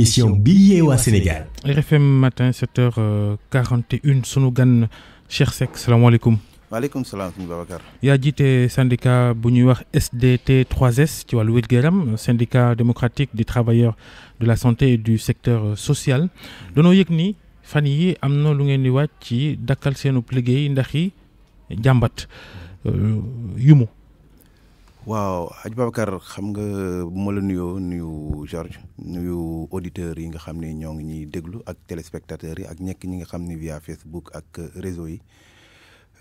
mission billet au Sénégal. RFM matin 7h41 euh, sunu gan Cheikh Seck salam waaleykum salaam suñu Babacar. yaa jiite syndicat bu wax SDT 3S ci vois louis syndicat démocratique des travailleurs de la santé et du secteur euh, social danoo yëg ni fan yi am na lu ngeen di wàcc ci dakkal waaw Hadj Babacar xam nga bu ma nuyoo nuyu Georges nuyu auditeurs yi nga xam ni ñoo ngi ñuy déglu ak téléspectateurs yi ak ñekk ñi nga xam ni via Facebook ak réseau yi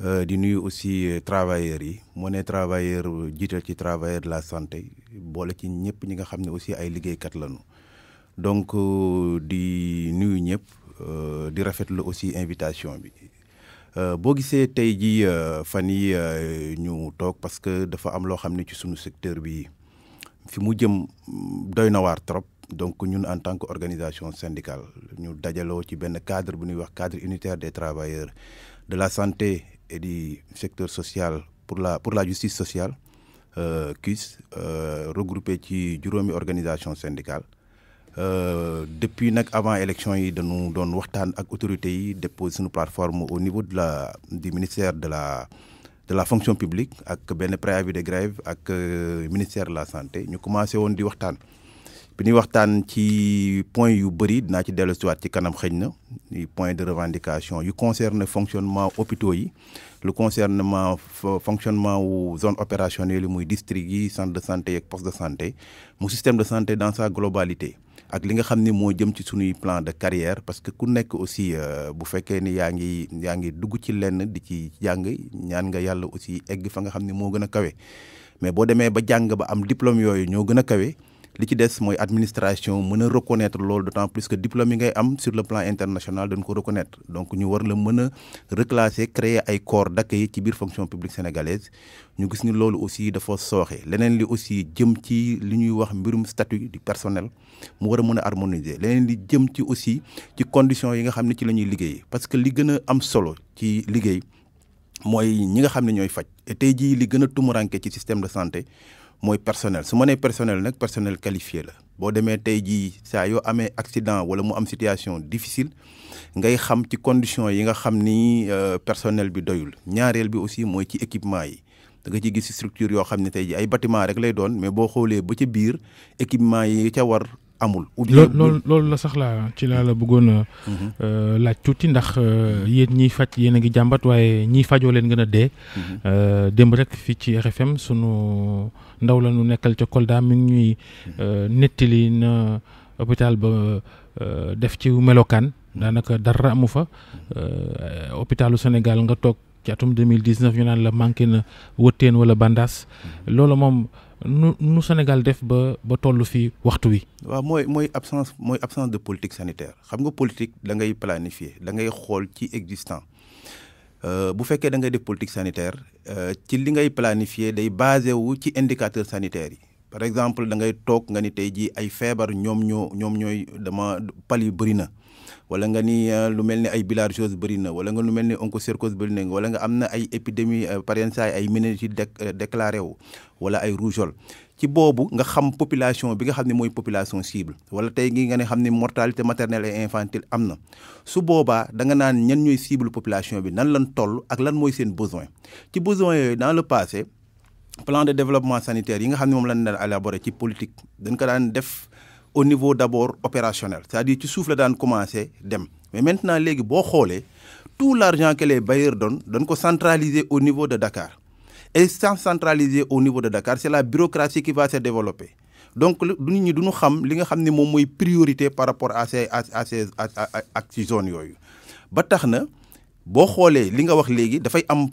euh, di nuyu aussi euh, travailleurs yi moo ne travailleur jiital ci travailleur de la santé boole ci ñëpp ñi nga xam ne aussi ay liggéeykat nu donc euh, di nuyu ñëpp di rafetlu aussi invitation bi Euh, boo gisee tey ji euh, fan yi euh, ñu toog parce que dafa am loo xam ne ci suñu secteur bi fi mu jëm doy na waar trop donc ñun en tant que organisation syndicale ñu dajaloo ci benn cadre bu wax cadre unitaire des travailleurs de la santé et du secteur social pour la pour la justice sociale euh, regroupé ci juróomi organisation syndicale euh, depuis nak avant élection yi dañu doon waxtaan ak autorité yi déposé suñu plateforme au niveau de la du ministère de la de la fonction publique ak ben préavis de grève ak euh, ministère de la santé ñu commencé won di waxtaan bi ni waxtaan ci point yu bëri dina ci ci wat ci kanam xëñ ni point de revendication yu concerne fonctionnement hôpitaux yi le concernement fonctionnement ou zone opérationnelle yi muy district yi centre de santé ak poste de santé mu système de santé dans sa globalité ak li nga xam ni moo jëm ci suñuy plan de carrière parce que ku nekk aussi euh, bu fekkee ni yaa ngi yaa ngi dugg ci lenn di ci jàng ñaan nga yàlla aussi egg fa nga xam ni moo gën a kawe mais boo demee ba jàng ba am diplome yooyu ñoo gën a kawe li ci dess moy administration meuna reconnaître lolu d'autant plus que diplôme ngay am sur le plan international de ko reconnaître donc ñu war le meuna reclasser créer ay corps d'accueil ci biir fonction publique sénégalaise ñu gis ni lolu aussi dafa soxé lenen li aussi jëm ci li ñuy wax mbirum statut du personnel mu wara meuna harmoniser lenen li jëm ci aussi ci conditions yi nga xamni ci lañuy liggéey parce que li gëna am solo ci liggéey moy ñi nga xamni ñoy fajj et tey jii li gëna a ci système de santé mooy personnel su ma nee personnel nag personnel qualifié la boo demee tey jii saa yoo amee accident wala mu am situation difficile ngay xam ci condition yi nga xam ni euh, personnel bi doyul ñaareel bi aussi mooy ci équipement yi da nga ci gis structure yoo xam ne tey jii ay bâtiment rek lay doon mais boo xoolee ba ca biir équipement yi ca war amul. loolu loolu la sax laa ci laa la bëggoon a. Euh, mhm. euh, laaj tuuti ndax euh, yéen ñiy faj yéen a ngi jàmbat waaye ñiy fajoo leen gën a dee. Mhm. démb rek fii ci RFM sunu ndaw la nekkal ca Kolda mi ngi ñuy mhm. nettali na hôpital ba def ci melokaan daanaka dara amu fa hôpitalu senegal nga toog ci atum 2019 ñu naan la manqué na wëtteen wala bandaas loolu moom. Nous nu Sénégal def ba ba tollu fi waxtu wi. wa moy moy absence moy absence de politique sanitaire xam nga politique da ngay planifier da ngay xol ci existant euh, bu fekkee da ngay def politique sanitaire euh, ci li ngay planifier day basé wu ci indicateur sanitaire yi par exemple da ngay toog nga ni tey ji ay feebar ñoom ñoo ñoom ñooy dama pali bëri na wala nga ni euh, lu mel ni ay bilharziose bëri na wala nga lu mel ni onchocercose bëri na wala nga am na ay épidémie euh, par yenn ay méningite euh, déclaré wu wala ay rougeole ci boobu nga xam population bi nga xam ne mooy population cible wala tey gi nga ne xam ne mortalité maternelle et infantile am na su boobaa da nga naan ñan ñooy cible population bi nan lan toll ak lan mooy seen besoin ci besoin yooyu dans le passé plan de développement sanitaire yi nga xam ne moom ci politique dañ ko daan def au niveau d'abord opérationnel c'est-à-dire ci suuf la daan commencé dem mais maintenant léegi boo xoolee tout l'argent que les bailleurs donnent dañ ko centraliser au niveau de Dakar et sans centraliser au niveau de Dakar c'est la bureaucratie qui va se développer donc nous ñi duñu xam li nga priorité par rapport à ces à ces ak ci zone yooyu ba tax na boo li nga wax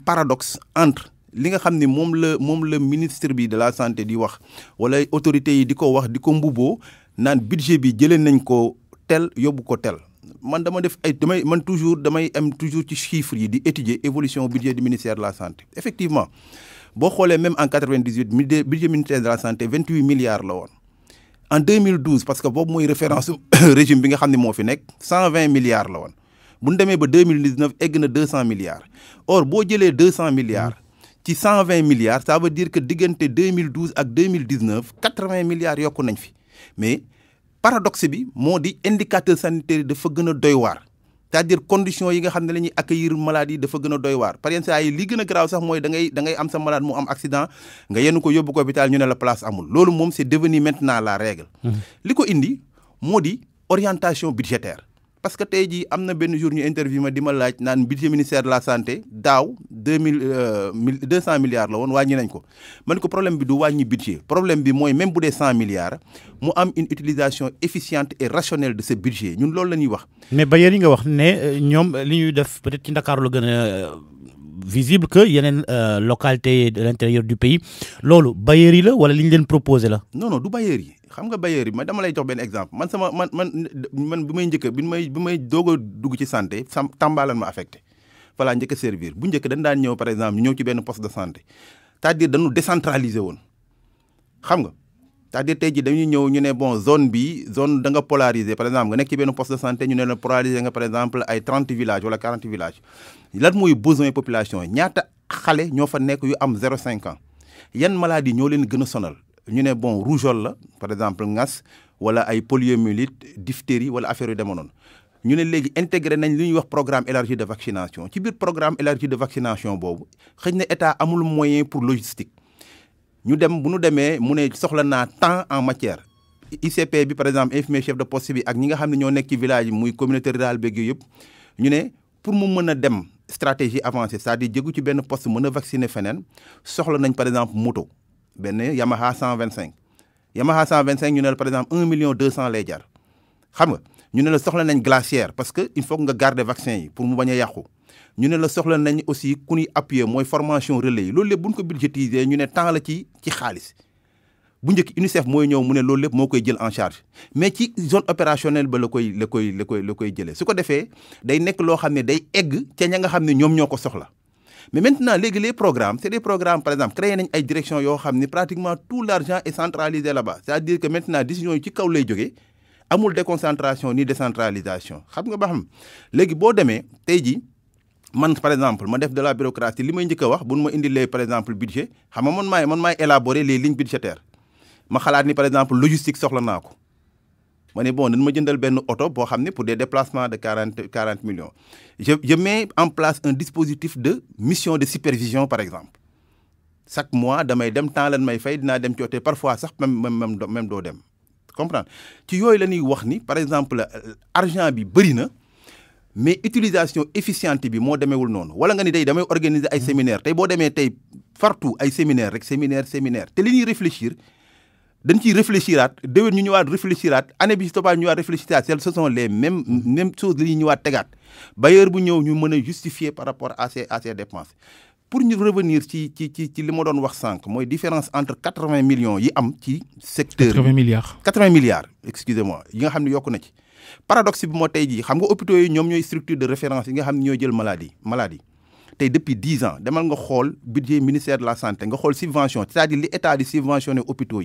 paradoxe entre li nga xamni mom le ministre de la santé di wax wala autorité yi diko wax diko Que budget bi nañ tel ou tel man dama def ay man toujours damay am toujours ci chiffres yi di étudier évolution budget du ministère de la santé effectivement si xolé même en 98 budget ministère de la santé 28 milliards la en 2012 parce que bob moy référence régime bi nga xamni mo fi 120 milliards la won bu ñu ba 2019 egg 200 milliards or vous les 200 milliards si 120 milliards ça veut dire que de 2012 à 2019, 80 milliards milliards yokku nañ fi mais paradoxe bi moo di indicateur sanitaire de dafa gën doy c'est-à-dire conditions yi nga xam ne accueillir malade yi dafa gën doy par exemple, si yi li gën a garaaw sax mooy da ngay da ngay am sa malade am accident nga yenn ko yóbbu ko hôpital ñu ne la place amul c'est devenu maintenant la règle. Ce mmh. qui indi moo c'est orientation budgétaire parce que tey jii ben na jour ñu interview ma dima laaj naan budget ministère de la santé il y a 200 milliards la won wàññi nañ ko man problème bi du wañi budget problème bi moy même si des 100 milliards mu am une utilisation efficiente et rationnelle de ce budget ñun loolu lañuy wax. mais bailleurs yi nga wax ne euh, ñom li def peut-être ci dakar la gëna a euh, visible que yeneen euh, localité de l'intérieur du pays loolu bailleurs yi la wala li ñu leen la. non non du bailleurs yi xam nga bailleurs yi ma dama lay jox benn exemple man sama man man man bi may njëkk bi may bi may doog a dugg ci santé tambalan Tamba lan ma affecté voilà njëkk servir bu njëkk dañ daan ñëw par exemple ñëw ci benn poste de santé c'est-à-dire dañu décentraliser woon xam nga c'est-à-dire tey jii dañuy ñëw ñu ne bon zone bi zone da nga polariser par exemple nga nekk ci benn poste de santé ñu ne la polariser nga par exemple ay 30 villages wala 40 villages lan mooy besoin population ñaata xale ñoo fa nekk yu am zéro cinq ans yan maladie ñoo leen gën a sonal ñu avons bon rougeole par exemple ngas wala ay poliomyélite diphtérie wala affaire yu demoon ñu ne léegi intégré nañ wax programme élargi de vaccination ci biir programme élargi de vaccination boobu xëy na état amul moyen pour logistique ñu dem bu ñu demee mu ne soxla naa temps en matière ICP bi par exemple infirmier chef de poste bi ak ñi nga xam ne ñoo nekk ci village muy communauté rural beeg ñu ne pour mu mën dem stratégie avancée c'est-à-dire jégu ci benn poste mën a vacciner feneen soxla nañ par exemple moto benn Yamaha 125 Yamaha 125 ñu ne la par exemple 1 million 200 lay jar xam nga ñu ne la soxla nañ glacière parce que il faut nga garder vaccin yi pour mu bañ a yàqu ñu ne la soxla nañ aussi ku ñuy appuyer mooy formation relais yi loolu lépp bu ko budgétiser ñu ne temps la ci ci xaalis bu njëkk UNICEF mooy ñëw mu ne loolu lépp moo koy jël en charge mais ci zone opérationnelle ba la koy la koy la koy la koy jëlee su ko defee day nekk loo xam ne day egg ca ña nga xam ne ñoom ñoo ko soxla mais maintenant les programmes c'est des programmes par exemple créer une direction yo xam pratiquement tout l'argent est centralisé là-bas c'est-à-dire que maintenant décision ci kaw lay jógee amul déconcentration ni décentralisation xam nga ba xam légui bo démé tey jii man par exemple ma def de la bureaucratie limay ñëk wax bu nu indi les par exemple budget xam nga man may man may élaborer les lignes budgétaires ma xalaat ni par exemple logistique soxla nako ma ne bon nañ ma jëndal benn oto boo xam ne pour des déplacements de 40 40 millions je je mets en place un dispositif de mission de supervision par exemple chaque mois damay dem temps lan may fay dinaa dem ci oto parfois sax même même même doo dem comprendre ci yooyu la ñuy wax ni par exemple argent bi bëri na mais utilisation efficiente bi moo demeewul noonu wala nga ni tey damay organiser ay hmm. séminaire tey boo demee tey partout ay séminaire rek séminaire séminaire te li ñuy réfléchir dañ ciy réfléchiraat déwén ñu ñëwaat réfléchiraat année bi si ce sont les mêmes même chose la ñuy ñëwaat tegaat bailleur bu ñëw ñu justifier par rapport à ces à ces dépenses pour revenir ci ci ci ci li ma doon wax sànq différence entre 80 millions yi am ci secteur 80 milliards 80 milliards excusez-moi yi nga xam ne na paradoxe bi moo tey jii xam nga hôpitaux yi structure de référence yi nga xam ne jël maladie maladie depuis 10 ans demal nga xool budget ministère de la santé nga xool subvention c'est-à-dire li état di subventionné hôpitaux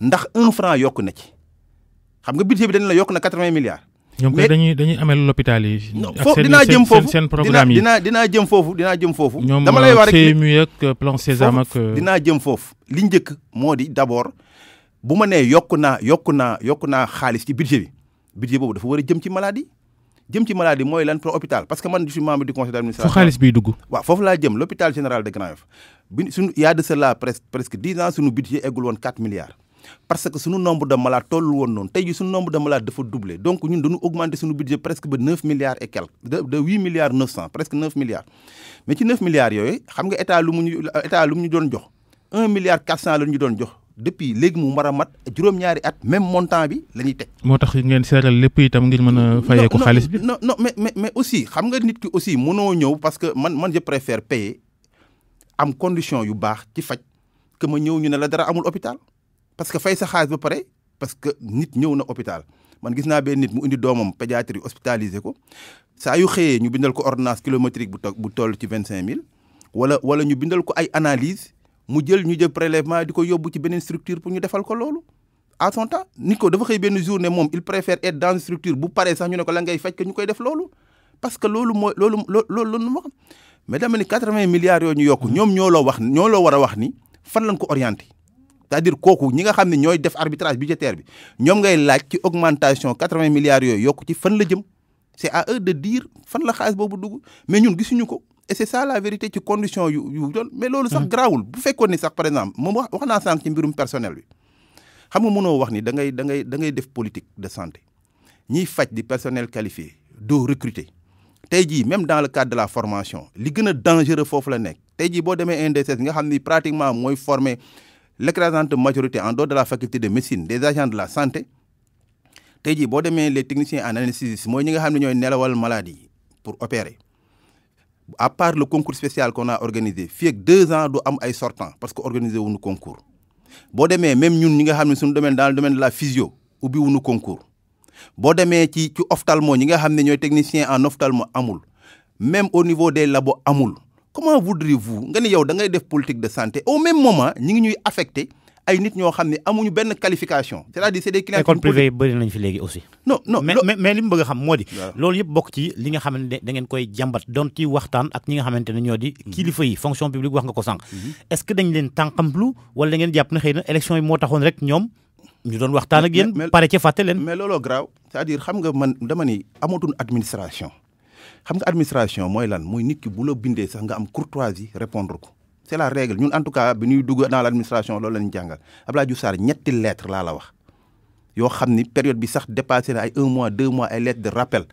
ndax un franc yokku na ci xam nga budget bi dañ la yokk na 80 milliards. ñom kay dañuy dañuy amel l'hôpital yi. foofu dinaa jëm foofu seen programme yi dinaa dinaa jëm fofu dinaa jëm foofu. dama lay euh, war rek CMU ak euh, plan Sésame ak. Euh, dinaa jëm fofu li njëkk modi d'abord bu ma nee yokku naa yokku naa yokku naa xaalis ci budget bi budget bobu dafa wara jëm ci maladie jëm ci maladie moy lan pour hôpital parce que man je suis membre du conseil d'administration. fu xaliss bi dugg. wa fofu la jëm l'hôpital général de Grand-Yoff bi suñu y de cela presque presque 10 ans sunu budget eggul won 4 milliards parce que le nombre de malades est doublé, doubler donc nous dañu augmenter sunu budget presque ba 9 milliards et quelques de, 8 milliards 900 presque 9 milliards mais ci 9 milliards yoy xam nga état lu muñu état lu 1 milliard 400 lañu doon jox depuis que mu mara mat juroom ñaari même montant bi lañuy tek motax ngeen séral lepp itam ngir mëna fayé ko xaliss non non mais mais aussi xam nga que aussi mëno ñëw parce que man je préfère payer am condition yu bax ci fajj que ma ñëw ñu ne la dara amul hôpital parce que fay sa xaalis ba pare parce que nit ñëw na hôpital man gis naa benn nit mu indi doomam pédiatrie hospitalisé ko saa yu xëyee ñu bindal ko ordonnance kilométrique bu toog bu toll ci vingt cinq mille wala wala ñu bindal ko ay analyse mu jël ñu jël prélèvement di ko yóbbu ci beneen structure pour ñu defal ko loolu à son temps nit ko dafa xëy benn journée moom il préfère être dans une structure bu pare sax ñu ne ko la ngay faj que ñu koy def loolu parce que loolu mooy loolu loolu loolu xam mais dama ni quatre milliards yooyu ñu yokk ñoom ñoo loo wax ñoo loo war a wax ni fan lañ ko orienté c'est-à-dire kooku ñi nga xamni ñoy def arbitrage budgétaire bi ñom ngay laaj ci augmentation 80 milliards yooyu yokk ci fan la jëm c'est à eux de dire fan la xaalis bobu dugg mais ñun gisuñu ko et c'est ça la vérité ci condition yu yu mais lolu sax hum. grawul bu fekkone sax par exemple mom wax na naa ci mbirum personnel bi xam nga mënoo wax ni da ngay da ngay da ngay def politique de santé ñi fajj di personnel qualifié do recruter tay ji même dans le cadre de la formation li gëna dangereux fofu la nek tay ji bo démé NDSS nga xamni pratiquement moy former l'écrasante majorité en dehors de la faculté de médecine des agents de la santé tayji bo démé les techniciens en anesthésie, moy ñi nga xamni ñoy maladie pour opérer à part le concours spécial qu'on a organisé y a deux ans do am ay sortants parce que organisé wuñu concours bo démé même ñun ñi nga xamni suñu domaine dans le domaine de la physio ubbi wuñu concours bo démé ci ci ophtalmo ñi nga xamni ñoy technicien en ophtalmo même au niveau des labos amul comment voudriez-vous nga yow da ngay def politique de santé au même moment ñi ngi ñuy affecté ay nit ñoo xam ne amuñu benn qualification c'est-à-dire c'est des clients école privée yi bëri nañ fi léegi aussi non non mais mais li mu bëgg a xam moo di loolu yëpp bokk ci li nga xamante ne da ngeen koy jàmbat doon ci waxtaan ak ñi nga xamante ne ñoo di mhm. kilifa yi fonction publique wax nga ko sànq mhm. est-ce que dañ leen tànqamplu wala da ngeen jàpp na xëy na élection yi moo taxoon rek ñoom ñu doon waxtaan ak yéen pare ci fàtte leen mais looloo graaw c'est-à-dire xam nga man dama ni amatuñ administration xam nga administration mooy lan mooy nit ki bu la bindee sax nga am courtoisie répondre ko c'est la règle ñun en tout cas bi ñuy dugg dans l'administration loolu lañu jàngal Abdoulaye Diouf Sarr ñetti lettre laa la wax yoo xam ni période bi sax dépassé na ay un mois deux mois ay lettre de rappel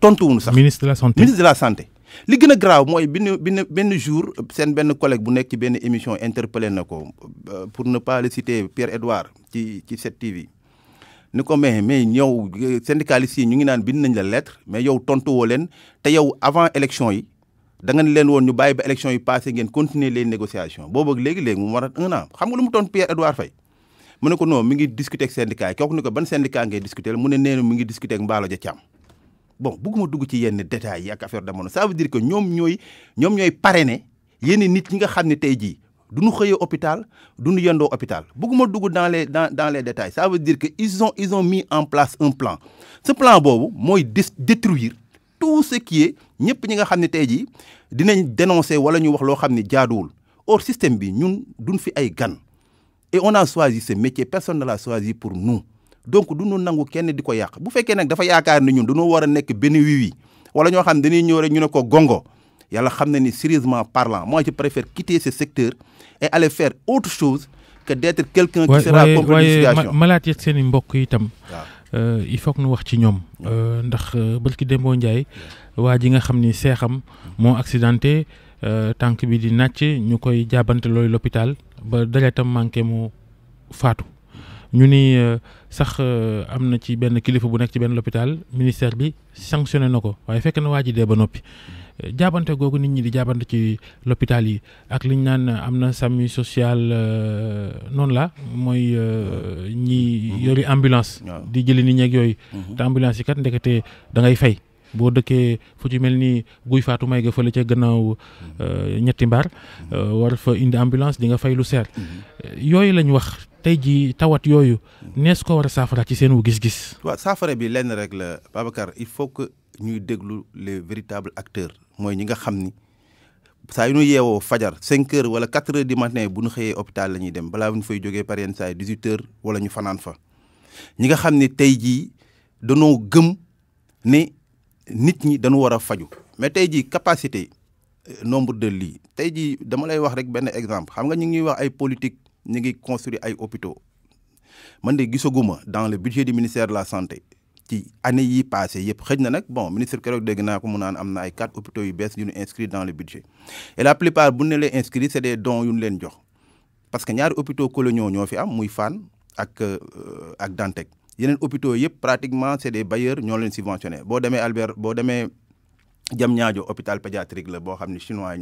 tontuwuñu sax ministre de la santé ministre de la santé li gën a graaw mooy ben benn benn jour seen benn collègue bu nekk ci benn émission interpellé na ko euh, pour ne pas le citer Pierre Edouard ci ci cette tv ni ko mais mais ñëw syndicalistes yi ñu ngi naan bind nañ la lettre mais yow tontu woo leen te yow avant élection yi da nga ne leen woon ñu bàyyi ba élection yi passé ngeen continuer les négociations boobu ak léegi-léegi mu war a un an xam nga lu mu tontu Pierre Edouard Faye mu ne ko non mi ngi discuter ak syndicat yi kooku ni ko ban syndicat ngay discuter mu ne nee na ngi discuter ak Mballo bon bëgguma dugg ci yenn détails yi ak affaire damono ça veut dire que ñoom ñooy ñooy parrainer yenn nit ñi nga xam ne tey jii du nous xëyee hôpital nous ñu yendoo hôpital bëgguma dugg dans les dans dans les détails ça veut dire que ils ont ils ont mis en place un plan ce plan boobu mooy détruire tout ce qui est ñëpp ñi nga xam ne tey jii dinañ dénoncer wala ñu wax loo xam ne or système bi ñun nous fi ay gan et on a choisi ce métier personne ne l'a choisi pour nous donc du ñu nangu kenn di ko yàq bu fekkee nak dafa yaakaar ni ñun dañoo war a nekk benn wiwi wala ñoo xam dañuy ñëw rek ñu ne ko gongo yalla xam ni sérieusement parlant moi je préfère quitter ce secteur et aller faire autre chose que d'être quelqu'un qui sera compromis. une situation malaat yeeg seen i euh, il faut que nous wax ci euh ndax euh, bërki Dembo Ndiaye waaji nga xam ni mo accidenté accidenté euh, tank bi di nàcc ñukoy koy jaabante l'hôpital ba dareetam manké mu fatu ñu ni sax amna ci ben kilifa bu nek ci ben l'hôpital ministère bi sanctionné nako ko waaye fekk na waa ba jaabante googu nit ñi di jaabante ci l'hôpital yi ak li ñu naan am na SAMU social euh, noonu la mooy euh, ñi yori ambulance di jëli nit ñi yooyu mhm. te ambulance yi kat ndekete da ngay fay boo dëkkee fu ci mel ni guy faatu may ga fële ca gannaaw mhm. euh, ñetti mbaar mhm. war fa indi ambulance di nga fay lu seer yooyu lañ wax tey jii tawat yooyu nees ko war a saafara ci seen wu gis-gis waaw bi lenn rek la Babacar nous déglu les véritables acteurs mooy ñi nga xam ni ñu 5 h wala 4 h du matin bu ñu xëyee hôpital la ñuy dem balaa ñu fay par yenn 18 heures wala ñu fa. ñi nga ne tey jii gëm ne nit ñi dañu faju mais tey capacité euh, nombre de lits dama lay wax exemple xam nga ñu ngi wax ay politique ñu ngi construire ay hôpitaux man de dans le budget du ministère de la santé ci année yi passé bon ministre quatre hôpitaux dans le budget et la plupart bu ne inscrit c'est des dons yu jox parce que des hôpitaux coloniaux ñoo fi am muy euh, Dantec yeneen hôpitaux pratiquement des bailleurs ñoo leen subventionné Albert hôpital pédiatrique chinois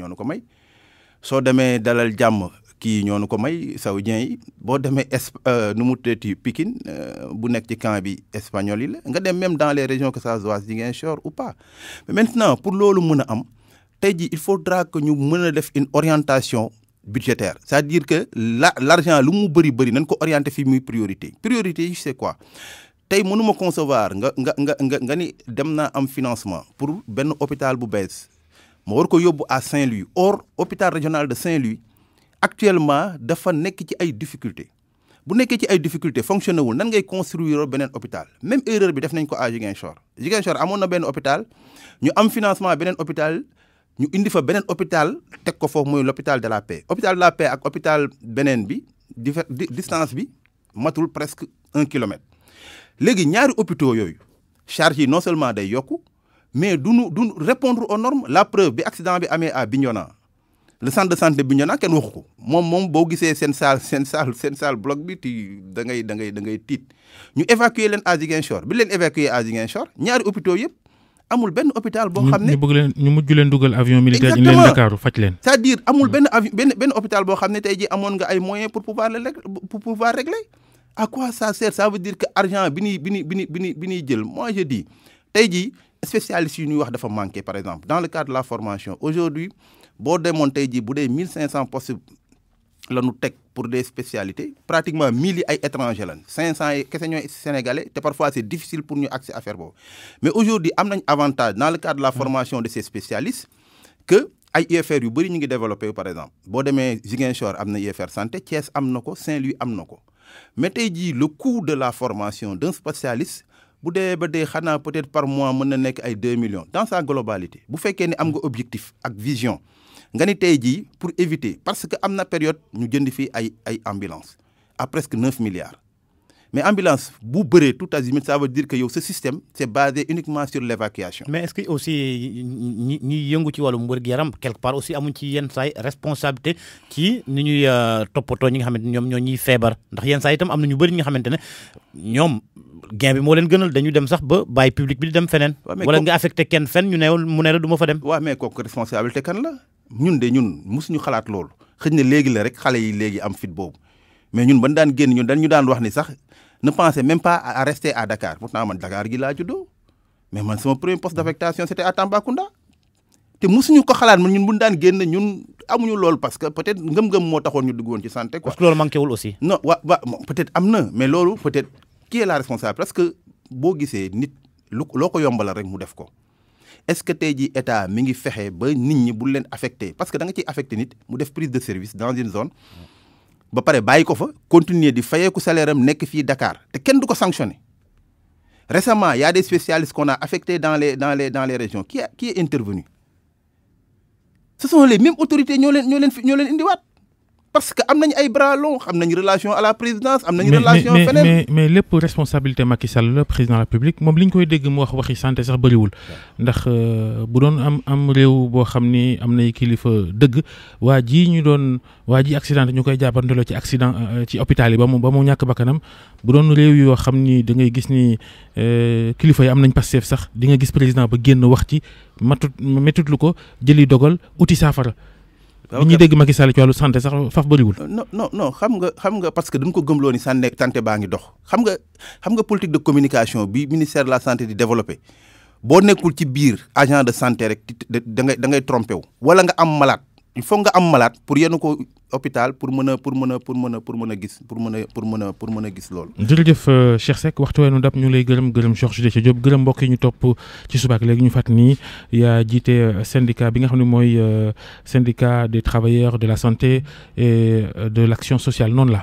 qui ñoonu ko may saoudien yi boo demee esp euh, nu mu teeti Pikine euh, bu nekk ci camp bi espagnol yi la nga dem même dans les régions que ça se voit Ziguinchor ou pas mais maintenant pour loolu mën a am tey ji il faudra que ñu mën a def une orientation budgétaire c'est-à-dire que l'argent lu mu bëri bëri nañ ko orienté fi muy priorité priorité yi c'est quoi tey mënuma concevoir nga nga nga nga nga ni dem naa am financement pour benn hôpital bu bees ma war ko yóbbu à Saint-Louis or hôpital régional de Saint-Louis actuellement dafa nekk ci ay difficultés bu nekkee ci ay difficultés fonctionné wul nan ngay construire beneen hôpital même erreur bi def nañ ko à Jigenshor. Jigenshor amoon na benn hôpital ñu am financement beneen hôpital ñu indi fa beneen hôpital teg ko foofu mooy l'hôpital de la paix hôpital de la paix ak hôpital beneen bi distance bi matul presque un kilomètre léegi ñaari hôpitaux yooyu charge yi non seulement day yokku mais duñu du répondre aux normes la preuve bi accident bi amee à Bignona le centre de santé bi Bignona kenn waxu ko moom moom boo gisee sen salle sen salle seen saal bloc bi ti da ngay da ngay da ngay tit ñu évacuer len à Ziguinchor bi len évacuer à Ziguinchor ñaari hôpitaux yépp amul ben hôpital bo xamné ñu bëgg len ñu mujj leen dugal avion militaire ñu len dakaru fajj len c'est-à-dire amul ben ben ben hôpital bo xamné tay ji amone nga ay moyens pour pouvoir le pour pouvoir régler à quoi ça sert ça veut dire que argent bi ni bi ni bi ni bi ni jël moi je dis tay ji spécialistes yi ñuy wax dafa manquer par exemple dans le cadre de la formation aujourd'hui boo demoon tey jii bu 1500 postes la ñu teg pour des spécialités pratiquement 1000 sont ay étrangers lañ 500 yi kese sénégalais c'est parfois c' difficile pour ñu accès affaire boobu mais aujourd'hui am nañ avantage dans le cadre de la mm. formation de ces spécialistes que ay IFR, yu bëri ñu ngi développé par exemple boo demee Ziguinchor am IFR santé Thiès am na Saint-Louis am na ko mais tey jii le coût de la formation d'un spécialiste bu dee ba peut-être par mois mën na nekk ay 2 millions dans sa globalité bu fekkee ne am nga objectif ak vision nga ni tey pour éviter parce que am période ñu jënd fii ay ay ambulance à presque 9 milliards mais ambulance bu bëree tout azimut ça veut dire que yow ce système c'est basé uniquement sur l'évacuation mais est ce que aussi ni ñi yëngu ci wàllum yaram quelque part aussi amuñ ci yenn saay responsabilité qui ni ñuy euh, toppatoo ñi nga xamante ne ñoom ñoo ñuy feebar ndax yenn saa itam am na ñu bëri ñi nga xamante ne gain bi mo leen gënal dañu dem sax ba bàyyi public bi dem fenen wala nga affecté kenn fenn ñu ne mu ne duma du fa dem. wa mais kok responsabilité kan la ñun de ñun ñu xalaat lool xëñ na légui la rek xalé yi légui am fit bobu mais ñun ban daan génn ñun dañu daan wax ni sax ne pensais même pas à rester à Dakar pourtant man Dakar gi laa judo. mais mon sama premier poste d'affectation c'était à Tambacounda te mosuñu ko xalaat man ñun bu daan génn ñun amuñu parce que peut-être ngëm-ngëm moo taxoon ñu dugg santé quoi. parce que loolu manqué aussi. non peut-être am mais peut-être qui est la responsable parce que boo gisee nit lu loo ko rek mu def ko est-ce que tu jii état mi ngi fexe ba nit ñi bu leen affecté parce que da nga ciy affecté nit mu def prise de service dans une zone ba pare bàyyi ko fa continuer di fayeeku salaire am nekk fii Dakar te kenn du ko sanctionner récemment il y a des spécialistes qu'on a affectés dans les dans les dans les régions qui a qui est intervenu ce sont les mêmes autorités qui leen ñoo leen ñoo parce que amnañ ay bras long am relation à la présidence amnañ nañ relation fenem mais mais lépp responsabilité Macky Sall le président de la République mom liñ koy dégg mu wax waxi santé sax bëriwul ndax euh, bu doon am am rew bo xamni ni kilifa deug waa ñu doon waa accident ñu koy ci accident euh, ci hôpital yi ba mu ba mu ñak bakanam bu doon rew yo xamni da ngay gis ni euh, kilifa yi amnañ nañ sax di nga gis président ba génn wax ci matut metut lu ko jëli dogal outil safara bi ñuy dégg Macky Sall ci wàllu santé sax faf bëriwul. Euh, non non non xam nga xam nga parce que dañ ko gëmloo ni santé santé baa ngi dox xam nga xam nga politique de communication bi ministère la santé di développé boo nekkul ci biir agent de santé rek da ngay da ngay trompé wu. wala nga am malaat il faut nga am malaat pour yenn ko hôpital pour mën pour mën pour mën pour mën a gis pour mën pour mën pour mën a lool loolu. def euh, Cheikh Seck waxtu wenu dab ñu ngi lay gërëm gërëm Georges Déthié job gërëm mbokk ñu top ci subaak légui ñu fat ni ya jité euh, syndicat bi nga xamni moy euh, syndicat des travailleurs de la santé et de l'action sociale non la.